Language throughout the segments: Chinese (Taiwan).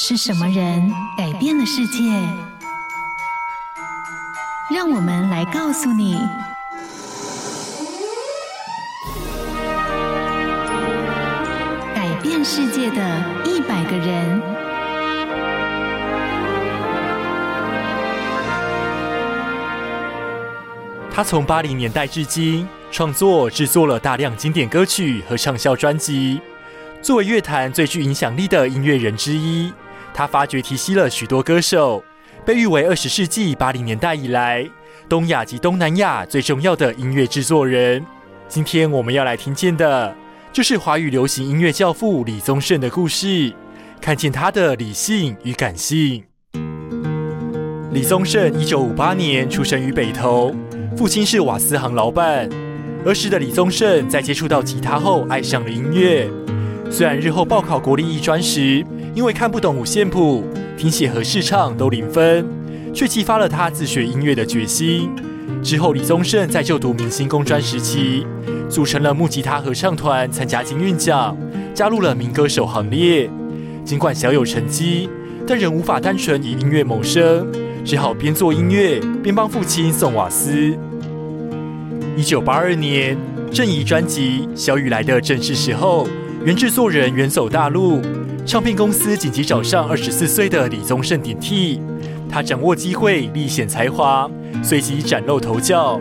是什麼人改變了世界？讓我們來告訴你：改變世界的一百個人。他從八零年代至今，創作製作了大量經典歌曲和暢銷專輯，作為樂壇最具影響力的音樂人之一。他發掘、提攜了許多歌手，被譽為二十世紀八零年代以來東亞及東南亞最重要的音樂製作人。今天我們要來聽見的，就是華語流行音樂教父李宗盛的故事，看見他的理性與感性。李宗盛一九五八年出生於北投，父親是瓦斯行老闆。兒時的李宗盛在接觸到吉他後，愛上了音樂。雖然日後報考國立藝專時，因為看不懂五線譜，聽寫和視唱都零分，卻激發了他自學音樂的決心。之後，李宗盛在就讀明星公專時期，組成了木吉他合唱團，參加金韻獎，加入了民歌手行列。盡管小有成績，但仍無法單純以音樂謀生，只好邊做音樂邊幫父親送瓦斯。一九八二年，鄭怡專輯《小雨來的正是時候》，原制作人遠走大陸。唱片公司緊急找上二十四歲的李宗盛頂替，他掌握機會，立顯才華，隨即展露頭角。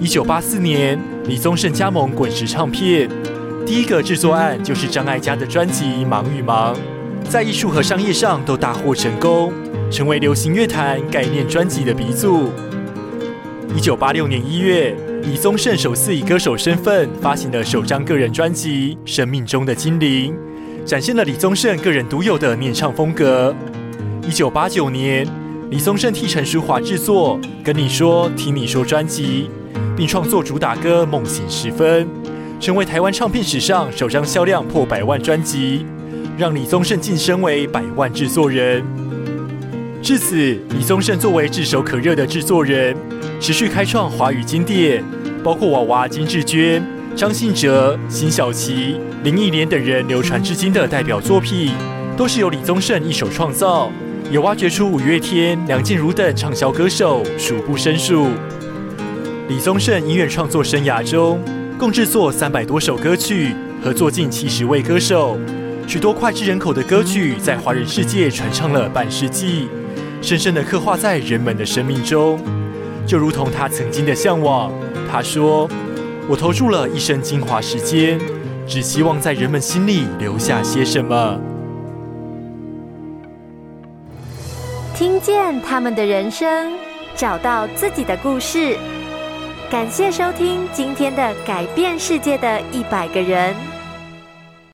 一九八四年，李宗盛加盟滾石唱片，第一個制作案就是張艾嘉的專輯《忙與盲》，在藝術和商業上都大獲成功，成為流行樂壇概念專輯的鼻祖。一九八六年一月，李宗盛首次以歌手身份發行的首張個人專輯《生命中的精靈》。展現了李宗盛個人獨有的念唱風格。一九八九年，李宗盛替陳淑樺製作《跟你說》《聽你說》專輯，並創作主打歌《夢醒時分》，成為台灣唱片史上首張銷量破百萬專輯，讓李宗盛晉升為百萬製作人。至此，李宗盛作為炙手可熱的製作人，持續開創華語經典，包括娃娃、金智娟、張信哲、辛曉琪、林憶蓮等人流傳至今的代表作品，都是由李宗盛一手創造，也挖掘出五月天、梁靜茹等暢銷歌手，數不勝數。李宗盛音樂創作生涯中，共制作三百多首歌曲，合作近七十位歌手，許多膾炙人口的歌曲在華人世界傳唱了半世紀，深深的刻畫在人們的生命中，就如同他曾經的向往。他說。我投注了一生精華時間，只希望在人們心裡留下些什麼。聽見他們的人生，找到自己的故事。感謝收聽今天的改變世界的一百個人。